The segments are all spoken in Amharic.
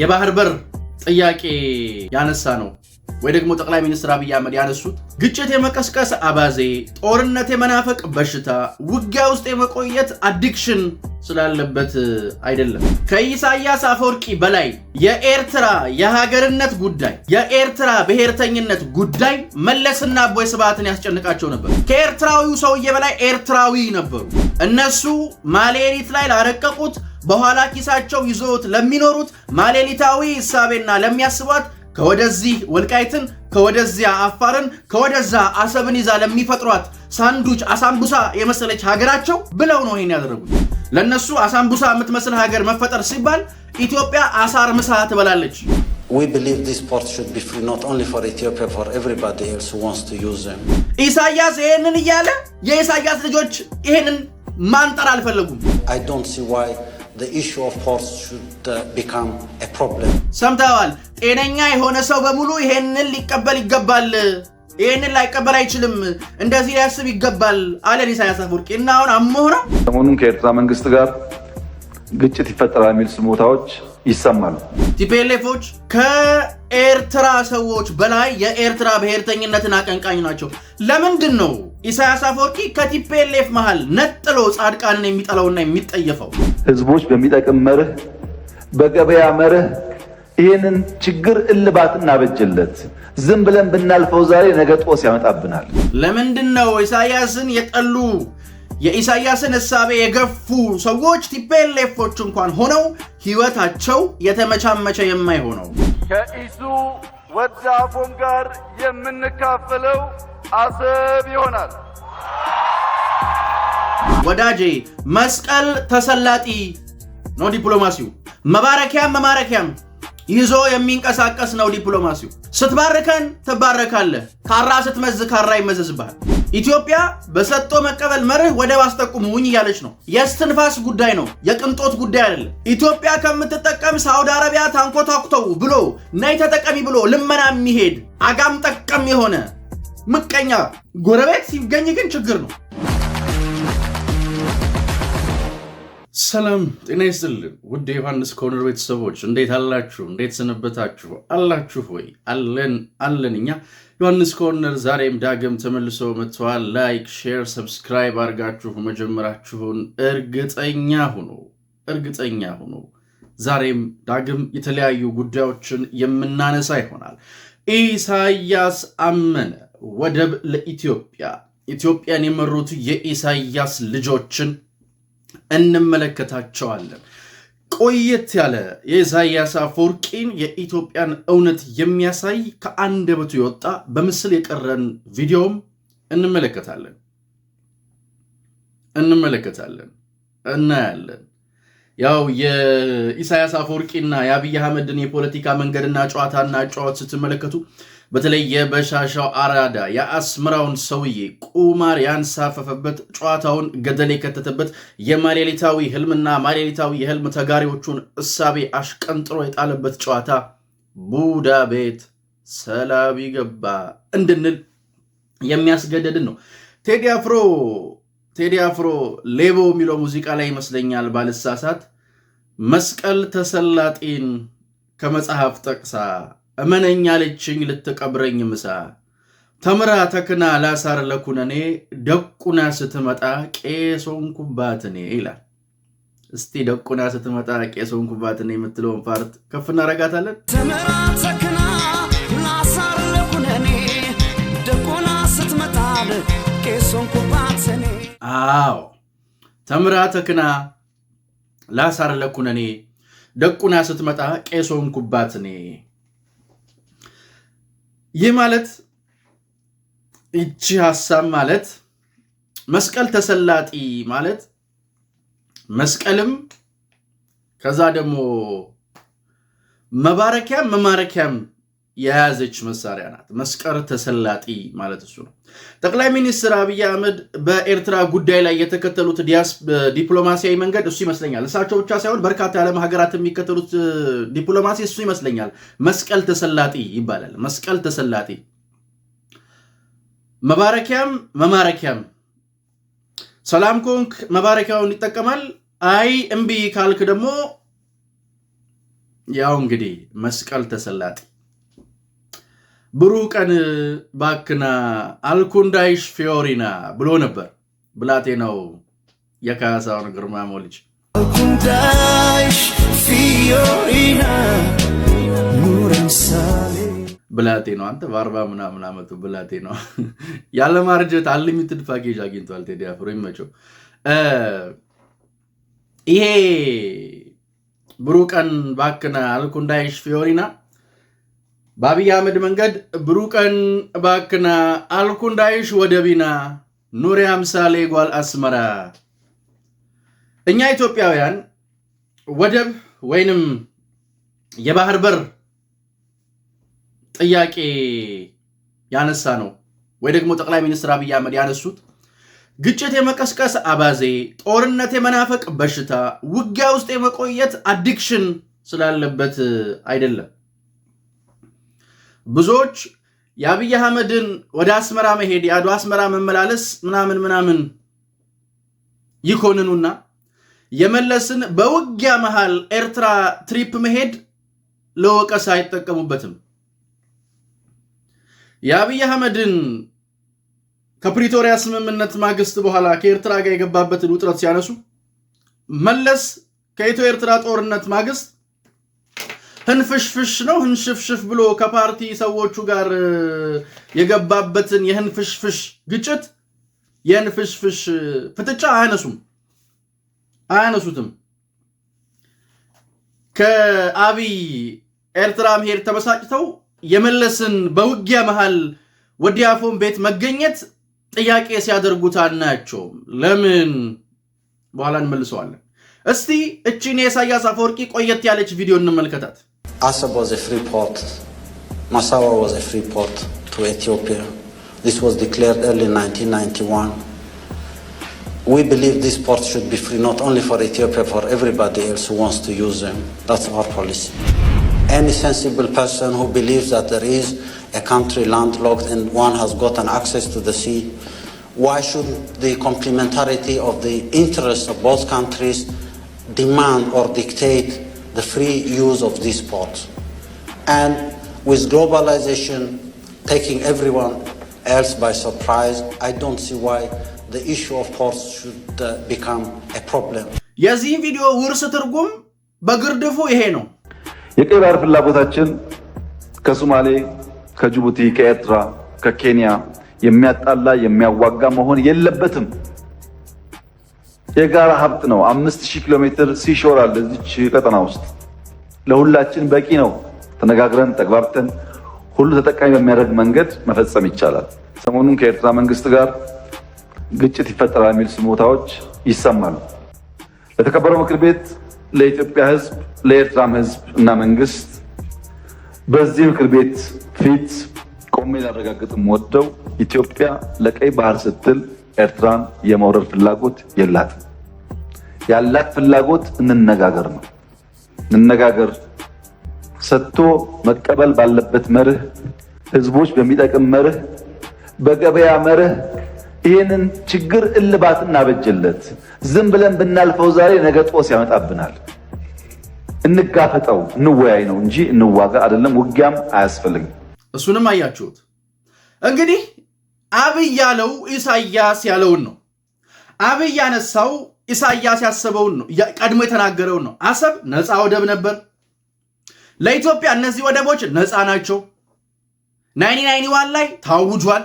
የባህር በር ጥያቄ ያነሳ ነው ወይ ደግሞ ጠቅላይ ሚኒስትር አብይ አህመድ ያነሱት ግጭት የመቀስቀስ አባዜ፣ ጦርነት የመናፈቅ በሽታ፣ ውጊያ ውስጥ የመቆየት አዲክሽን ስላለበት አይደለም። ከኢሳያስ አፈወርቂ በላይ የኤርትራ የሀገርነት ጉዳይ፣ የኤርትራ ብሔርተኝነት ጉዳይ መለስና አቦይ ስብሃትን ያስጨንቃቸው ነበር። ከኤርትራዊው ሰውዬ በላይ ኤርትራዊ ነበሩ። እነሱ ማሌሪት ላይ ላረቀቁት በኋላ ኪሳቸው ይዞት ለሚኖሩት ማሌሊታዊ እሳቤና ለሚያስቧት ከወደዚህ ወልቃይትን ከወደዚያ አፋርን ከወደዛ አሰብን ይዛ ለሚፈጥሯት ሳንዱች አሳምቡሳ የመሰለች ሀገራቸው ብለው ነው ይሄን ያደረጉት። ለእነሱ አሳምቡሳ የምትመስል ሀገር መፈጠር ሲባል ኢትዮጵያ አሳር ምሳ ትበላለች። ኢሳያስ ይሄንን እያለ የኢሳያስ ልጆች ይሄንን ማንጠር አልፈለጉም። Uh, ሰምተዋል። ጤነኛ የሆነ ሰው በሙሉ ይሄንን ሊቀበል ይገባል። ይህንን ላይቀበል አይችልም። እንደዚህ ሊያስብ ይገባል አለን ኢሳያስ አፈወርቂ። እና አሁን አሞህ ነው። ሰሞኑን ከኤርትራ መንግስት ጋር ግጭት ይፈጠራል የሚል ስሞታዎች ይሰማሉ ቲፒኤልኤፎች ከኤርትራ ሰዎች በላይ የኤርትራ ብሔርተኝነትን አቀንቃኝ ናቸው። ለምንድን ነው ኢሳያስ አፈወርቂ ከቲፒኤልኤፍ መሃል ነጥሎ ጻድቃንን የሚጠላውና የሚጠየፈው? ህዝቦች በሚጠቅም መርህ፣ በገበያ መርህ ይህንን ችግር እልባት እናበጅለት። ዝም ብለን ብናልፈው ዛሬ ነገ ጦስ ያመጣብናል። ለምንድን ነው ኢሳያስን የጠሉ የኢሳያስን እሳቤ የገፉ ሰዎች ቲፔሌፎች እንኳን ሆነው ህይወታቸው የተመቻመቸ የማይሆነው ከኢሱ ወዳፎም ጋር የምንካፈለው አሰብ ይሆናል። ወዳጄ መስቀል ተሰላጢ ነው ዲፕሎማሲው። መባረኪያም መማረኪያም ይዞ የሚንቀሳቀስ ነው ዲፕሎማሲው። ስትባርከን ትባረካለህ፣ ካራ ስትመዝ ካራ ይመዘዝብሃል። ኢትዮጵያ በሰጥቶ መቀበል መርህ ወደብ አስጠቁሙኝ እያለች ነው። የስትንፋስ ጉዳይ ነው፣ የቅንጦት ጉዳይ አይደለም። ኢትዮጵያ ከምትጠቀም ሳውዲ አረቢያ ታንኮታኩተው ብሎ ነይ ተጠቀሚ ብሎ ልመና የሚሄድ አጋም ጠቀም የሆነ ምቀኛ ጎረቤት ሲገኝ ግን ችግር ነው። ሰላም ጤና ይስጥልን ውድ ዮሐንስ ኮርነር ቤተሰቦች እንዴት አላችሁ? እንዴት ሰነበታችሁ? አላችሁ ወይ? አለን አለን። እኛ ዮሐንስ ኮርነር ዛሬም ዳግም ተመልሶ መጥተዋል። ላይክ፣ ሼር፣ ሰብስክራይብ አድርጋችሁ መጀመራችሁን እርግጠኛ ሁኑ፣ እርግጠኛ ሁኑ። ዛሬም ዳግም የተለያዩ ጉዳዮችን የምናነሳ ይሆናል። ኢሳያስ አመነ ወደብ ለኢትዮጵያ ኢትዮጵያን የመሩት የኢሳያስ ልጆችን እንመለከታቸዋለን። ቆየት ያለ የኢሳያስ አፈወርቂን የኢትዮጵያን እውነት የሚያሳይ ከአንደበቱ የወጣ በምስል የቀረን ቪዲዮም እንመለከታለን እንመለከታለን እናያለን። ያው የኢሳያስ አፈወርቂና የአብይ አህመድን የፖለቲካ መንገድና ጨዋታና ጨዋት ስትመለከቱ በተለይ የበሻሻው አራዳ የአስመራውን ሰውዬ ቁማር ያንሳፈፈበት ጨዋታውን ገደል የከተተበት የማሌሊታዊ ህልምና ማሌሊታዊ የህልም ተጋሪዎቹን እሳቤ አሽቀንጥሮ የጣለበት ጨዋታ ቡዳ ቤት ሰላቢ ገባ እንድንል የሚያስገደድን ነው። ቴዲ አፍሮ ቴዲ አፍሮ ሌቦ የሚለው ሙዚቃ ላይ ይመስለኛል ባልሳሳት መስቀል ተሰላጤን ከመጽሐፍ ጠቅሳ እመነኝ አለችኝ ልትቀብረኝ ምሳ ተምራ ተክና ላሳር ለኩነኔ ደቁና ስትመጣ ቄሶን ኩባትኔ ይላል። እስቲ ደቁና ስትመጣ ቄሶን ኩባትኔ የምትለውን ፓርት ከፍ እናረጋታለን። ተምራ ተክና ላሳር ለኩነኔ ደቁና ስትመጣ ቄሶን ኩባትኔ። አዎ ተምራ ተክና ላሳር ለኩነኔ ደቁና ስትመጣ ቄሶን ኩባትኔ ይህ ማለት ይቺ ሀሳብ ማለት መስቀል ተሰላጢ ማለት መስቀልም ከዛ ደግሞ መባረኪያም መማረኪያም የያዘች መሳሪያ ናት። መስቀል ተሰላጢ ማለት እሱ ነው። ጠቅላይ ሚኒስትር አብይ አህመድ በኤርትራ ጉዳይ ላይ የተከተሉት ዲፕሎማሲያዊ መንገድ እሱ ይመስለኛል። እሳቸው ብቻ ሳይሆን በርካታ የዓለም ሀገራት የሚከተሉት ዲፕሎማሲ እሱ ይመስለኛል። መስቀል ተሰላጢ ይባላል። መስቀል ተሰላጢ መባረኪያም መማረኪያም። ሰላም ኮንክ መባረኪያውን ይጠቀማል። አይ እምቢ ካልክ ደግሞ ያው እንግዲህ መስቀል ተሰላጢ ብሩህ ቀን ባክና አልኩንዳይሽ ፊዮሪና ብሎ ነበር ብላቴ ነው የካሳውን ግርማ ሞልጅ አልኩንዳይሽ ፊዮሪና ብላቴ ነው አንተ በአርባ ምናምን አመቱ ብላቴ ነው ያለማርጀት አንሊሚትድ ፓኬጅ አግኝቷል። ቴዲ አፍሮ ይመቸው። ይሄ ብሩህ ቀን ባክና አልኩንዳይሽ ፊዮሪና በአብይ አህመድ መንገድ ብሩቀን ባክና አልኩንዳይሽ ወደቢና ኑሪ አምሳሌ ጓል አስመራ። እኛ ኢትዮጵያውያን ወደብ ወይንም የባህር በር ጥያቄ ያነሳ ነው ወይ ደግሞ ጠቅላይ ሚኒስትር አብይ አህመድ ያነሱት ግጭት የመቀስቀስ አባዜ፣ ጦርነት የመናፈቅ በሽታ፣ ውጊያ ውስጥ የመቆየት አዲክሽን ስላለበት አይደለም። ብዙዎች የአብይ አህመድን ወደ አስመራ መሄድ የአዶ አስመራ መመላለስ ምናምን ምናምን ይኮንኑና የመለስን በውጊያ መሃል ኤርትራ ትሪፕ መሄድ ለወቀሳ አይጠቀሙበትም። የአብይ አህመድን ከፕሪቶሪያ ስምምነት ማግስት በኋላ ከኤርትራ ጋር የገባበትን ውጥረት ሲያነሱ መለስ ከኢትዮ ኤርትራ ጦርነት ማግስት ህንፍሽፍሽ ነው ህንሽፍሽፍ ብሎ ከፓርቲ ሰዎቹ ጋር የገባበትን የህንፍሽፍሽ ግጭት የህንፍሽፍሽ ፍጥጫ አያነሱም አያነሱትም። ከአብይ ኤርትራ መሄድ ተበሳጭተው የመለስን በውጊያ መሃል ወዲያፎን ቤት መገኘት ጥያቄ ሲያደርጉት አናያቸውም። ለምን? በኋላ እንመልሰዋለን። እስቲ እቺን የኢሳያስ አፈወርቂ ቆየት ያለች ቪዲዮ እንመልከታት። Assab was a free port. Massawa was a free port to Ethiopia. This was declared early 1991. We believe these ports should be free not only for Ethiopia, for everybody else who wants to use them. That's our policy. Any sensible person who believes that there is a country landlocked and one has gotten access to the sea, why should the complementarity of the interests of both countries demand or dictate the free use of these ports. And with globalization taking everyone else by surprise, I don't see why the issue of ports should uh, become a problem. የቀይ ባህር ፍላጎታችን ከሶማሌ፣ ከጅቡቲ፣ ከኤርትራ፣ ከኬንያ የሚያጣላ የሚያዋጋ መሆን የለበትም። የጋራ ሀብት ነው። አምስት ሺህ ኪሎ ሜትር ሲሾር አለ እዚች ቀጠና ውስጥ ለሁላችን በቂ ነው። ተነጋግረን ተግባብተን ሁሉ ተጠቃሚ በሚያደርግ መንገድ መፈጸም ይቻላል። ሰሞኑን ከኤርትራ መንግስት ጋር ግጭት ይፈጠራል የሚል ስሞታዎች ይሰማሉ። ለተከበረው ምክር ቤት፣ ለኢትዮጵያ ህዝብ፣ ለኤርትራም ህዝብ እና መንግስት በዚህ ምክር ቤት ፊት ቆሜ ላረጋግጥም ወደው ኢትዮጵያ ለቀይ ባህር ስትል ኤርትራን የመውረር ፍላጎት የላትም። ያላት ፍላጎት እንነጋገር ነው። እንነጋገር ሰጥቶ መቀበል ባለበት መርህ፣ ህዝቦች በሚጠቅም መርህ፣ በገበያ መርህ ይህንን ችግር እልባት እናበጅለት። ዝም ብለን ብናልፈው ዛሬ ነገ ጦስ ያመጣብናል። እንጋፈጠው፣ እንወያይ ነው እንጂ እንዋጋ አይደለም። ውጊያም አያስፈልግም። እሱንም አያችሁት እንግዲህ አብይ ያለው ኢሳያስ ያለውን ነው። አብይ ያነሳው ኢሳያስ ያሰበውን ነው፣ ቀድሞ የተናገረውን ነው። አሰብ ነፃ ወደብ ነበር ለኢትዮጵያ። እነዚህ ወደቦች ነፃ ናቸው። ናይኒ ናይኒ ዋን ላይ ታውጇል።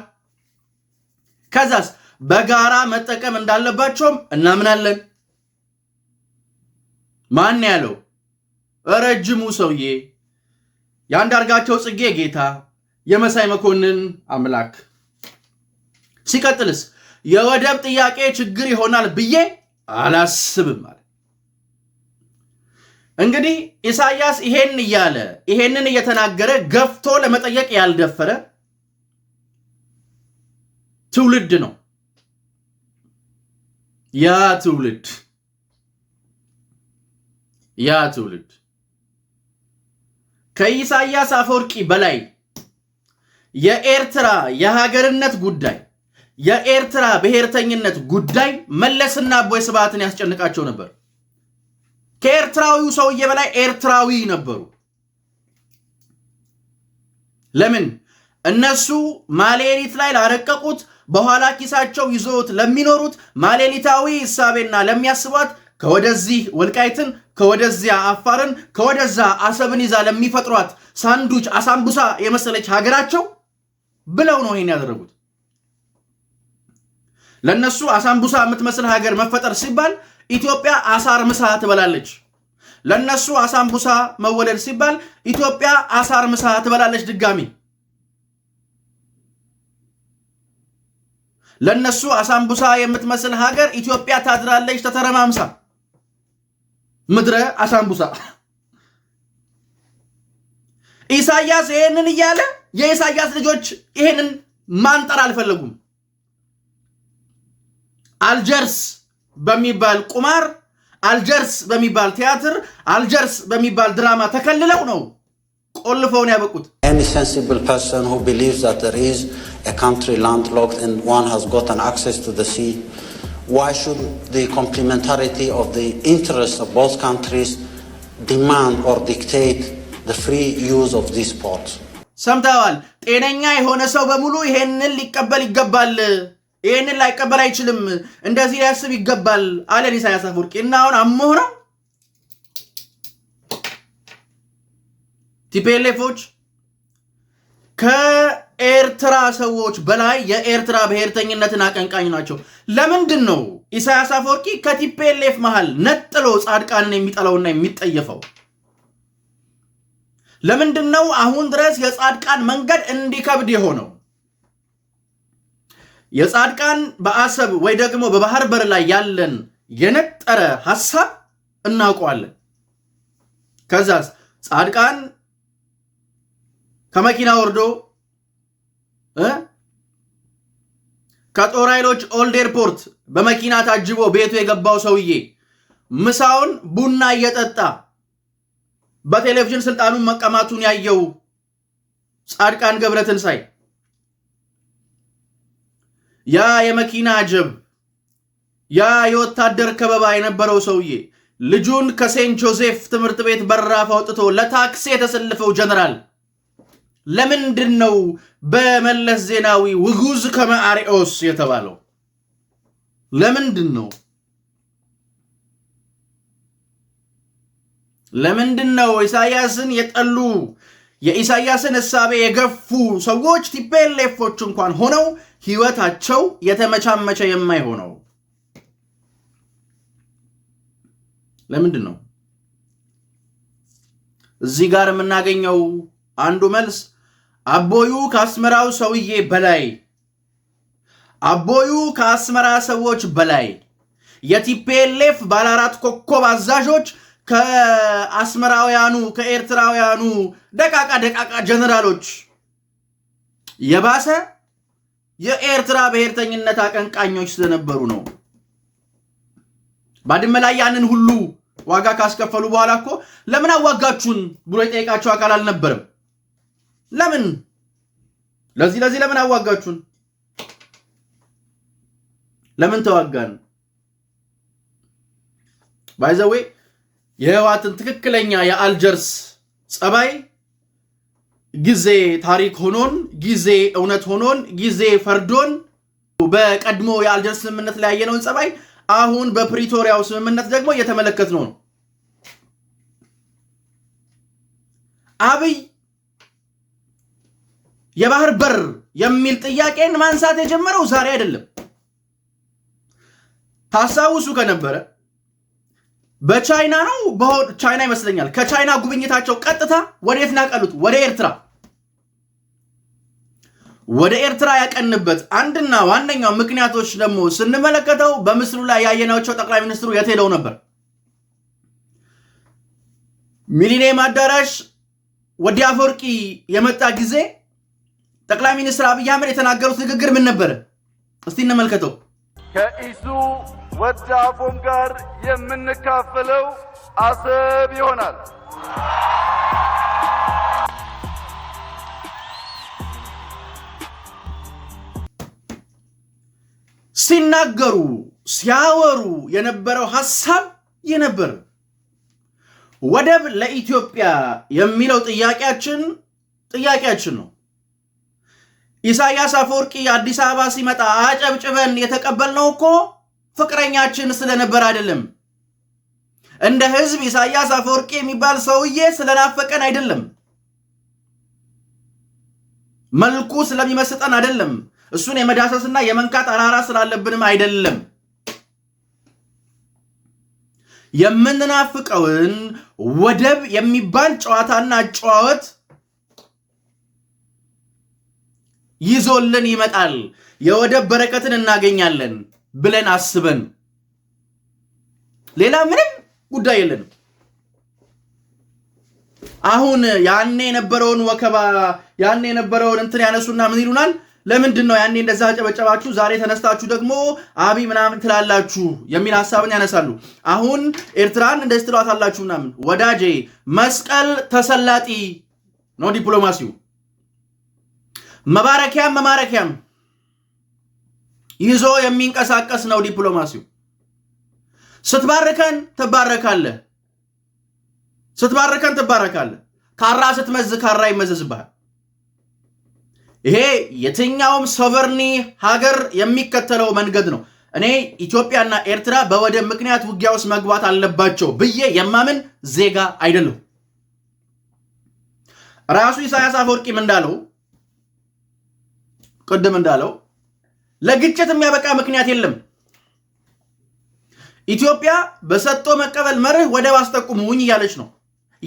ከዛስ በጋራ መጠቀም እንዳለባቸውም እናምናለን። ማን ያለው? ረጅሙ ሰውዬ የአንዳርጋቸው ጽጌ ጌታ፣ የመሳይ መኮንን አምላክ። ሲቀጥልስ የወደብ ጥያቄ ችግር ይሆናል ብዬ አላስብም አለ። እንግዲህ ኢሳያስ ይሄን እያለ ይሄንን እየተናገረ ገፍቶ ለመጠየቅ ያልደፈረ ትውልድ ነው። ያ ትውልድ ያ ትውልድ ከኢሳያስ አፈወርቂ በላይ የኤርትራ የሀገርነት ጉዳይ የኤርትራ ብሔርተኝነት ጉዳይ መለስና አቦይ ስብሃትን ያስጨንቃቸው ነበር። ከኤርትራዊው ሰውዬ በላይ ኤርትራዊ ነበሩ። ለምን? እነሱ ማሌሊት ላይ ላረቀቁት በኋላ ኪሳቸው ይዞት ለሚኖሩት ማሌሊታዊ እሳቤና ለሚያስቧት ከወደዚህ ወልቃይትን ከወደዚያ አፋርን ከወደዛ አሰብን ይዛ ለሚፈጥሯት ሳንዱች አሳምቡሳ የመሰለች ሀገራቸው ብለው ነው ይሄን ያደረጉት። ለእነሱ አሳንቡሳ የምትመስል ሀገር መፈጠር ሲባል ኢትዮጵያ አሳር ምሳ ትበላለች። ለእነሱ አሳንቡሳ መወለድ ሲባል ኢትዮጵያ አሳር ምሳ ትበላለች ድጋሚ። ለእነሱ አሳንቡሳ የምትመስል ሀገር ኢትዮጵያ ታድራለች ተተረማምሳ። ምድረ አሳንቡሳ ኢሳያስ ይሄንን እያለ የኢሳያስ ልጆች ይሄንን ማንጠር አልፈለጉም። አልጀርስ በሚባል ቁማር፣ አልጀርስ በሚባል ቲያትር፣ አልጀርስ በሚባል ድራማ ተከልለው ነው ቆልፈውን ያበቁት። Any sensible person who believes that there is a country landlocked and one has gotten access to the sea, why should the complementarity of the interests of both countries demand or dictate the free use of these ports? ሰምተዋል። ጤነኛ የሆነ ሰው በሙሉ ይሄንን ሊቀበል ይገባል። ይህንን ላይቀበል አይችልም። እንደዚህ ሊያስብ ይገባል አለን ኢሳያስ አፈወርቂ። እና አሁን አሞህ ነው ቲፒኤልኤፎች ከኤርትራ ሰዎች በላይ የኤርትራ ብሔርተኝነትን አቀንቃኝ ናቸው። ለምንድን ነው ኢሳያስ አፈወርቂ ከቲፒኤልኤፍ መሃል ነጥሎ ጻድቃንን የሚጠላውና የሚጠየፈው? ለምንድን ነው አሁን ድረስ የጻድቃን መንገድ እንዲከብድ የሆነው? የጻድቃን በአሰብ ወይ ደግሞ በባህር በር ላይ ያለን የነጠረ ሐሳብ እናውቀዋለን። ከዛስ ጻድቃን ከመኪና ወርዶ ከጦር ኃይሎች ኦልድ ኤርፖርት በመኪና ታጅቦ ቤቱ የገባው ሰውዬ ምሳውን ቡና እየጠጣ በቴሌቪዥን ስልጣኑን መቀማቱን ያየው ጻድቃን ገብረትንሳኤ ያ የመኪና ጅብ፣ ያ የወታደር ከበባ የነበረው ሰውዬ ልጁን ከሴንት ጆሴፍ ትምህርት ቤት በራፍ አውጥቶ ለታክሲ የተሰለፈው ጀነራል ለምንድን ነው በመለስ ዜናዊ ውጉዝ ከመአሪኦስ የተባለው? ለምንድን ነው ለምንድን ነው ኢሳያስን የጠሉ የኢሳያስን እሳቤ የገፉ ሰዎች ቲፔሌፎች እንኳን ሆነው ህይወታቸው የተመቻመቸ የማይሆነው ለምንድን ነው? እዚህ ጋር የምናገኘው አንዱ መልስ አቦዩ ከአስመራው ሰውዬ በላይ አቦዩ ከአስመራ ሰዎች በላይ የቲፒኤልኤፍ ባለ አራት ኮከብ አዛዦች ከአስመራውያኑ ከኤርትራውያኑ ደቃቃ ደቃቃ ጀነራሎች የባሰ የኤርትራ ብሔርተኝነት አቀንቃኞች ስለነበሩ ነው። ባድመ ላይ ያንን ሁሉ ዋጋ ካስከፈሉ በኋላ እኮ ለምን አዋጋችሁን ብሎ የጠየቃቸው አካል አልነበረም። ለምን ለዚህ ለዚህ ለምን አዋጋችሁን ለምን ተዋጋን ባይዘዌ የህወሓትን ትክክለኛ የአልጀርስ ጸባይ ጊዜ ታሪክ ሆኖን ጊዜ እውነት ሆኖን ጊዜ ፈርዶን በቀድሞ የአልጀርስ ስምምነት ላይ ያየነውን ጸባይ አሁን በፕሪቶሪያው ስምምነት ደግሞ እየተመለከትነው ነው። አብይ የባህር በር የሚል ጥያቄን ማንሳት የጀመረው ዛሬ አይደለም። ታስታውሱ ከነበረ በቻይና ነው። ቻይና ይመስለኛል። ከቻይና ጉብኝታቸው ቀጥታ ወዴት ናቀሉት? ወደ ኤርትራ። ወደ ኤርትራ ያቀንበት አንድና ዋነኛው ምክንያቶች ደግሞ ስንመለከተው በምስሉ ላይ ያየናቸው ጠቅላይ ሚኒስትሩ የት ሄደው ነበር? ሚሊኒየም አዳራሽ ወዲ አፈወርቂ የመጣ ጊዜ ጠቅላይ ሚኒስትር አብይ አህመድ የተናገሩት ንግግር ምን ነበረ? እስቲ እንመልከተው። ከኢሱ ወዳፎም ጋር የምንካፈለው አሰብ ይሆናል። ሲናገሩ ሲያወሩ የነበረው ሐሳብ የነበር። ወደብ ለኢትዮጵያ የሚለው ጥያቄያችን ጥያቄያችን ነው። ኢሳያስ አፈወርቂ አዲስ አበባ ሲመጣ አጨብጭበን የተቀበልነው እኮ ፍቅረኛችን ስለነበር አይደለም። እንደ ህዝብ ኢሳያስ አፈወርቂ የሚባል ሰውዬ ስለናፈቀን አይደለም። መልኩ ስለሚመስጠን አይደለም። እሱን የመዳሰስና የመንካት አራራ ስላለብንም አይደለም። የምንናፍቀውን ወደብ የሚባል ጨዋታና ጨዋወት ይዞልን ይመጣል። የወደብ በረከትን እናገኛለን። ብለን አስበን ሌላ ምንም ጉዳይ የለንም። አሁን ያኔ የነበረውን ወከባ ያኔ የነበረውን እንትን ያነሱና ምን ይሉናል? ለምንድን ነው ያኔ እንደዛ ጨበጨባችሁ ዛሬ ተነስታችሁ ደግሞ አብይ ምናምን ትላላችሁ የሚል ሀሳብን ያነሳሉ። አሁን ኤርትራን እንደዚህ ትሏት አላችሁ ምናምን። ወዳጄ መስቀል ተሰላጢ ነው ዲፕሎማሲው። መባረኪያም መማረኪያም ይዞ የሚንቀሳቀስ ነው ዲፕሎማሲው። ስትባርከን ትባረካለህ፣ ስትባርከን ትባረካለህ። ካራ ስትመዝ ካራ ይመዘዝብሃል። ይሄ የትኛውም ሶቨርኒ ሀገር የሚከተለው መንገድ ነው። እኔ ኢትዮጵያና ኤርትራ በወደብ ምክንያት ውጊያ ውስጥ መግባት አለባቸው ብዬ የማምን ዜጋ አይደለሁም። ራሱ ኢሳያስ አፈወርቂም እንዳለው ቅድም እንዳለው ለግጭት የሚያበቃ ምክንያት የለም። ኢትዮጵያ በሰጥቶ መቀበል መርህ ወደብ ውኝ እያለች ነው።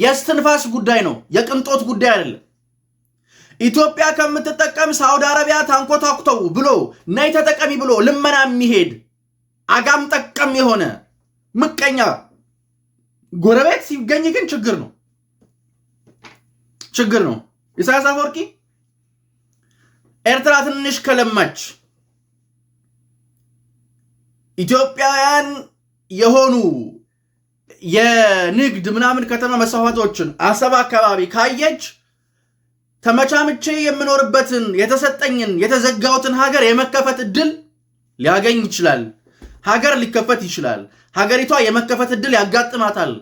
የስትንፋስ ጉዳይ ነው፣ የቅንጦት ጉዳይ አይደለም። ኢትዮጵያ ከምትጠቀም ሳውዲ አረቢያ ታንኮታኩተው ብሎ ናይ ተጠቀሚ ብሎ ልመና የሚሄድ አጋም ጠቀም የሆነ ምቀኛ ጎረቤት ሲገኝ ግን ችግር ነው፣ ችግር ነው። ኢሳያስ አፈወርቂ ኤርትራ ትንሽ ከለማች ኢትዮጵያውያን የሆኑ የንግድ ምናምን ከተማ መስፋፋቶችን አሰብ አካባቢ ካየች ተመቻምቼ የምኖርበትን የተሰጠኝን የተዘጋውትን ሀገር የመከፈት እድል ሊያገኝ ይችላል። ሀገር ሊከፈት ይችላል። ሀገሪቷ የመከፈት እድል ያጋጥማታል።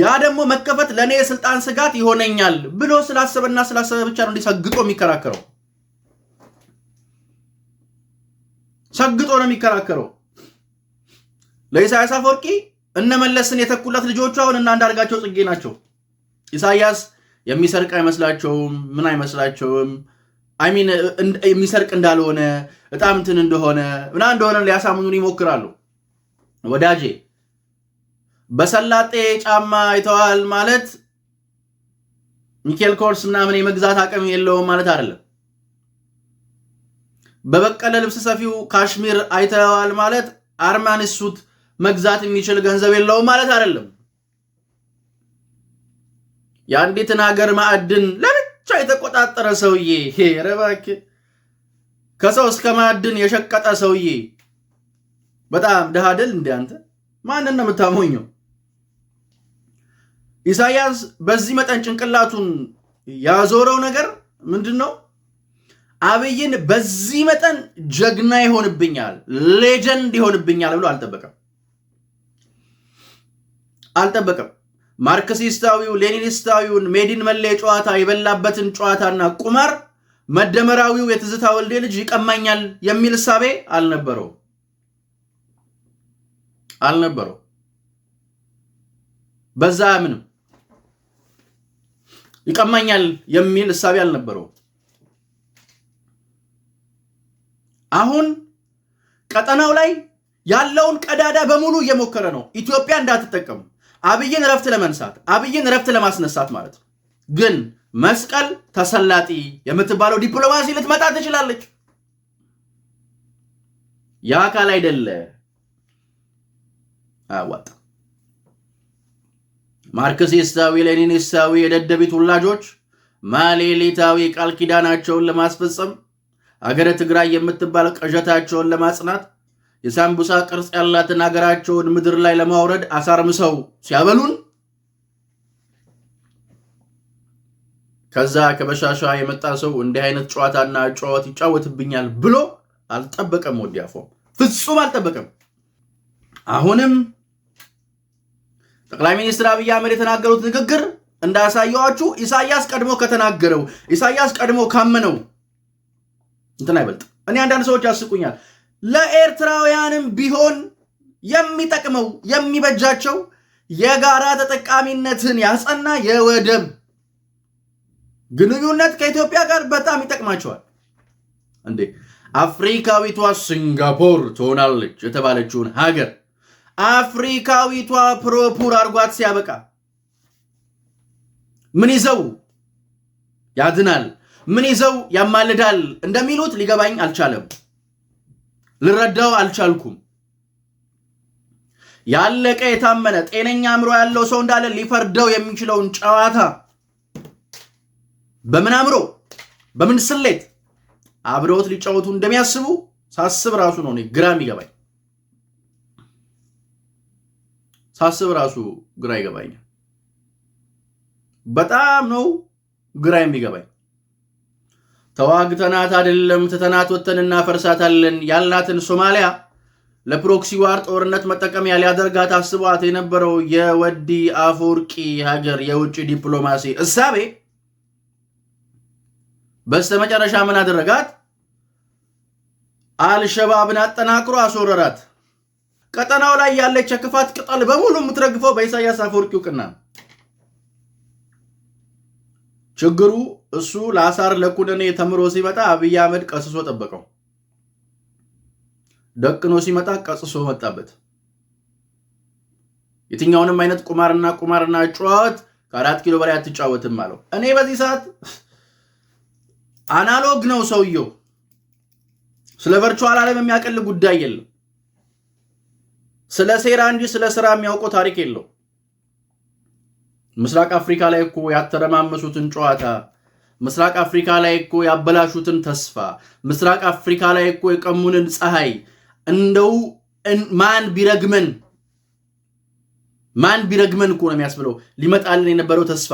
ያ ደግሞ መከፈት ለእኔ የስልጣን ስጋት ይሆነኛል ብሎ ስላሰበና ስላሰበ ብቻ ነው እንዲሰግጦ ሰግጦ የሚከራከረው። ሰግጦ ነው የሚከራከረው። ለኢሳያስ አፈወርቂ እነ መለስን የተኩለት ልጆቹ አሁን እና አንዳርጋቸው ጽጌ ናቸው። ኢሳያስ የሚሰርቅ አይመስላቸውም። ምን አይመስላቸውም። አይሚን የሚሰርቅ እንዳልሆነ በጣም እንትን እንደሆነ ምና እንደሆነ ሊያሳምኑን ይሞክራሉ። ወዳጄ በሰላጤ ጫማ አይተዋል ማለት ሚኬል ኮርስ ምናምን የመግዛት አቅም የለውም ማለት አይደለም። በበቀለ ልብስ ሰፊው ካሽሚር አይተዋል ማለት አርማን ሱት መግዛት የሚችል ገንዘብ የለውም ማለት አይደለም። የአንዲትን ሀገር ማዕድን ለብቻ የተቆጣጠረ ሰውዬ ረባክ ከሰው እስከ ማዕድን የሸቀጠ ሰውዬ በጣም ድሃ አይደል እንዴ አንተ? ማንን ነው የምታሞኘው? ኢሳያስ በዚህ መጠን ጭንቅላቱን ያዞረው ነገር ምንድን ነው? አብይን በዚህ መጠን ጀግና ይሆንብኛል፣ ሌጀንድ ይሆንብኛል ብሎ አልጠበቀም። አልጠበቀም። ማርክሲስታዊው ሌኒኒስታዊውን ሜዲን መለየ ጨዋታ የበላበትን ጨዋታና ቁማር መደመራዊው የትዝታ ወልዴ ልጅ ይቀማኛል የሚል እሳቤ አልነበረው አልነበረው በዛ ምንም ይቀማኛል የሚል እሳቤ አልነበረው። አሁን ቀጠናው ላይ ያለውን ቀዳዳ በሙሉ እየሞከረ ነው ኢትዮጵያ እንዳትጠቀም አብይን እረፍት ለመንሳት አብይን እረፍት ለማስነሳት ማለት ነው። ግን መስቀል ተሰላጢ የምትባለው ዲፕሎማሲ ልትመጣ ትችላለች። የአካል አይደለ አያዋጣም። ማርክሲስታዊ ሌኒኒስታዊ የደደቢት ውላጆች ማሌሊታዊ ቃል ኪዳናቸውን ለማስፈጸም አገረ ትግራይ የምትባል ቅዠታቸውን ለማጽናት የሳምቡሳ ቅርጽ ያላትን አገራቸውን ምድር ላይ ለማውረድ አሳርምሰው ሲያበሉን ከዛ ከበሻሻ የመጣ ሰው እንዲህ አይነት ጨዋታና ጨዋት ይጫወትብኛል ብሎ አልጠበቀም። ወዲያፎም ፍጹም አልጠበቀም። አሁንም ጠቅላይ ሚኒስትር አብይ አህመድ የተናገሩት ንግግር እንዳሳየዋችሁ ኢሳያስ ቀድሞ ከተናገረው ኢሳያስ ቀድሞ ካመነው እንትን አይበልጥ። እኔ አንዳንድ ሰዎች ያስቁኛል። ለኤርትራውያንም ቢሆን የሚጠቅመው የሚበጃቸው የጋራ ተጠቃሚነትን ያጸና የወደብ ግንኙነት ከኢትዮጵያ ጋር በጣም ይጠቅማቸዋል። እንዴ አፍሪካዊቷ ሲንጋፖር ትሆናለች የተባለችውን ሀገር አፍሪካዊቷ ፕሮፑር አድርጓት ሲያበቃ ምን ይዘው ያድናል፣ ምን ይዘው ያማልዳል እንደሚሉት ሊገባኝ አልቻለም። ልረዳው አልቻልኩም። ያለቀ የታመነ ጤነኛ አእምሮ ያለው ሰው እንዳለ ሊፈርደው የሚችለውን ጨዋታ በምን አእምሮ በምን ስሌት አብረውት ሊጫወቱ እንደሚያስቡ ሳስብ ራሱ ነው ግራ ይገባኝ ሳስብ ራሱ ግራ ይገባኛል። በጣም ነው ግራ የሚገባኝ። ተዋግተናት አይደለም ትተናት ወጥተን እናፈርሳታለን ያላትን ሶማሊያ ለፕሮክሲ ዋር ጦርነት መጠቀሚያ ሊያደርጋት አስቧት የነበረው የወዲ አፈወርቂ ሀገር የውጭ ዲፕሎማሲ እሳቤ በስተመጨረሻ ምን አደረጋት? አልሸባብን አጠናክሮ አስወረራት። ቀጠናው ላይ ያለች የክፋት ቅጠል በሙሉ የምትረግፈው በኢሳያስ አፈወርቂ እውቅና ችግሩ እሱ ለአሳር ለኩነኔ ተምሮ ሲመጣ አብይ አህመድ ቀስሶ ጠበቀው። ደቅኖ ሲመጣ ቀስሶ መጣበት። የትኛውንም አይነት ቁማርና ቁማርና ጨዋወት ከአራት ኪሎ በላይ አትጫወትም አለው። እኔ በዚህ ሰዓት አናሎግ ነው ሰውየው። ስለ ቨርቹዋል ዓለም የሚያቀል ጉዳይ የለም። ስለ ሴራ እንጂ ስለ ስራ የሚያውቀው ታሪክ የለው። ምስራቅ አፍሪካ ላይ እኮ ያተረማመሱትን ጨዋታ ምስራቅ አፍሪካ ላይ እኮ ያበላሹትን ተስፋ፣ ምስራቅ አፍሪካ ላይ እኮ የቀሙንን ፀሐይ እንደው ማን ቢረግመን ማን ቢረግመን እኮ ነው የሚያስብለው ሊመጣልን የነበረው ተስፋ።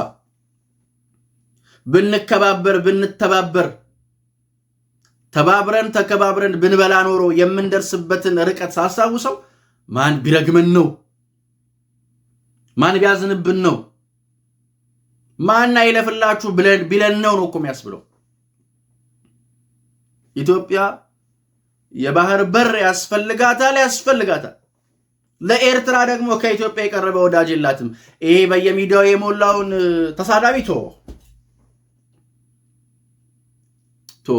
ብንከባበር ብንተባበር ተባብረን ተከባብረን ብንበላ ኖሮ የምንደርስበትን ርቀት ሳስታውሰው ማን ቢረግመን ነው? ማን ቢያዝንብን ነው? ማና ይለፍላችሁ ቢለን ነው ነው እኮ የሚያስብለው። ኢትዮጵያ የባህር በር ያስፈልጋታል ያስፈልጋታል። ለኤርትራ ደግሞ ከኢትዮጵያ የቀረበ ወዳጅ የላትም። ይሄ በየሚዲያው የሞላውን ተሳዳቢ ቶ ቶ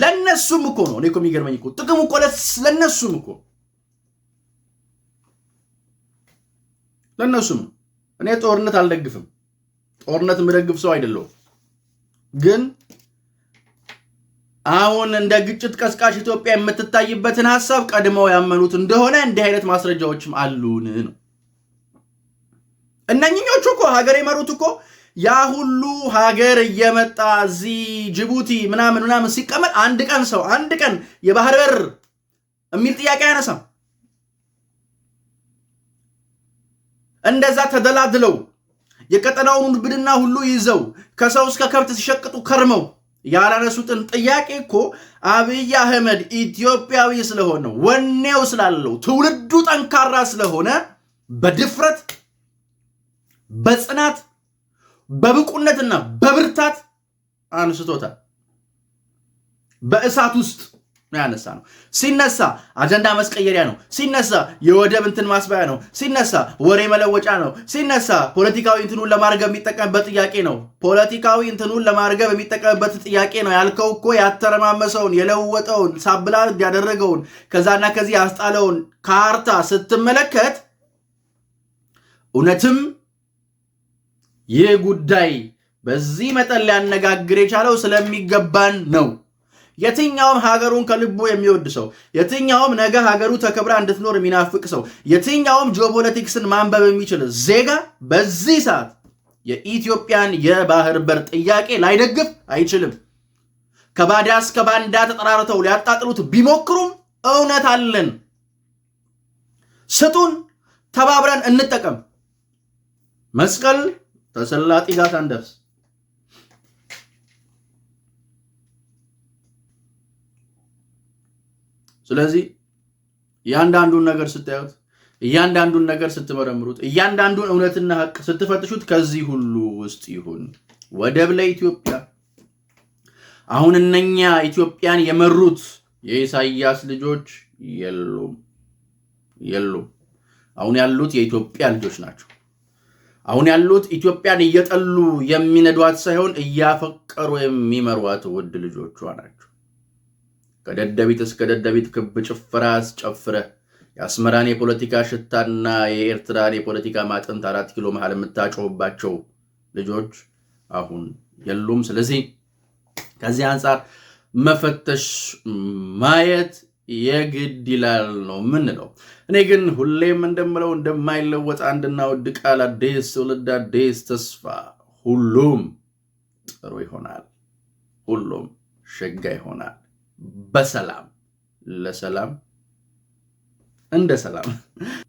ለነሱም እኮ ነው እኔ እኮ የሚገርመኝ እኮ ጥቅሙ እኮ ለነሱም እኮ ለነሱም እኔ ጦርነት አልደግፍም። ጦርነት የምደግፍ ሰው አይደለሁም። ግን አሁን እንደ ግጭት ቀስቃሽ ኢትዮጵያ የምትታይበትን ሀሳብ ቀድመው ያመኑት እንደሆነ እንዲህ አይነት ማስረጃዎችም አሉን ነው። እነኝኞቹ እኮ ሀገር የመሩት እኮ ያ ሁሉ ሀገር እየመጣ እዚህ ጅቡቲ ምናምን ምናምን ሲቀመጥ አንድ ቀን ሰው አንድ ቀን የባህር በር የሚል ጥያቄ አያነሳም። እንደዛ ተደላድለው የቀጠናውን ብድና ሁሉ ይዘው ከሰው እስከ ከብት ሲሸቅጡ ከርመው ያላነሱትን ጥያቄ እኮ አብይ አህመድ ኢትዮጵያዊ ስለሆነ ወኔው ስላለው ትውልዱ ጠንካራ ስለሆነ በድፍረት በጽናት በብቁነትና በብርታት አንስቶታል። በእሳት ውስጥ ያነሳ ነው። ሲነሳ አጀንዳ መስቀየሪያ ነው። ሲነሳ የወደብ እንትን ማስበያ ነው። ሲነሳ ወሬ መለወጫ ነው። ሲነሳ ፖለቲካዊ እንትኑን ለማርገብ የሚጠቀምበት ጥያቄ ነው። ፖለቲካዊ እንትኑን ለማርገብ የሚጠቀምበት ጥያቄ ነው ያልከው እኮ ያተረማመሰውን፣ የለወጠውን፣ ሳብላ ያደረገውን ከዛና ከዚህ ያስጣለውን ካርታ ስትመለከት እውነትም ይህ ጉዳይ በዚህ መጠን ሊያነጋግር የቻለው ስለሚገባን ነው። የትኛውም ሀገሩን ከልቡ የሚወድ ሰው፣ የትኛውም ነገ ሀገሩ ተከብራ እንድትኖር የሚናፍቅ ሰው፣ የትኛውም ጂኦፖለቲክስን ማንበብ የሚችል ዜጋ በዚህ ሰዓት የኢትዮጵያን የባህር በር ጥያቄ ላይደግፍ አይችልም። ከባዳ እስከ ባንዳ ተጠራርተው ሊያጣጥሉት ቢሞክሩም እውነት አለን። ስጡን፣ ተባብረን እንጠቀም። መስቀል ተሰላጢ ጋር ሳንደርስ ስለዚህ እያንዳንዱን ነገር ስታዩት፣ እያንዳንዱን ነገር ስትመረምሩት፣ እያንዳንዱን እውነትና ሀቅ ስትፈትሹት ከዚህ ሁሉ ውስጥ ይሁን ወደብ ለኢትዮጵያ አሁን እነኛ ኢትዮጵያን የመሩት የኢሳያስ ልጆች የሉም የሉም። አሁን ያሉት የኢትዮጵያ ልጆች ናቸው። አሁን ያሉት ኢትዮጵያን እየጠሉ የሚነዷት ሳይሆን እያፈቀሩ የሚመሯት ውድ ልጆቿ ናቸው። ከደደቢት እስከ ደደቢት ክብ ጭፈራ አስጨፍረ የአስመራን የፖለቲካ ሽታና የኤርትራን የፖለቲካ ማጥንት አራት ኪሎ መሃል የምታጮህባቸው ልጆች አሁን የሉም። ስለዚህ ከዚህ አንጻር መፈተሽ ማየት የግድ ይላል ነው የምንለው። እኔ ግን ሁሌም እንደምለው እንደማይለወጥ አንድና ውድ ቃል አዲስ ትውልድ፣ አዲስ ተስፋ፣ ሁሉም ጥሩ ይሆናል፣ ሁሉም ሸጋ ይሆናል። በሰላም ለሰላም እንደ ሰላም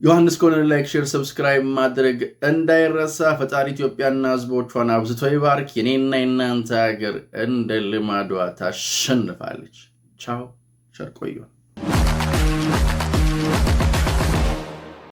ዮሐንስ ኮርነር ላይክ፣ ሼር፣ ሰብስክራይብ ማድረግ እንዳይረሳ። ፈጣሪ ኢትዮጵያና ሕዝቦቿን አብዝቶ ይባርክ። የኔና የናንተ ሀገር እንደ ልማዷ ታሸንፋለች። ቻው፣ ቸር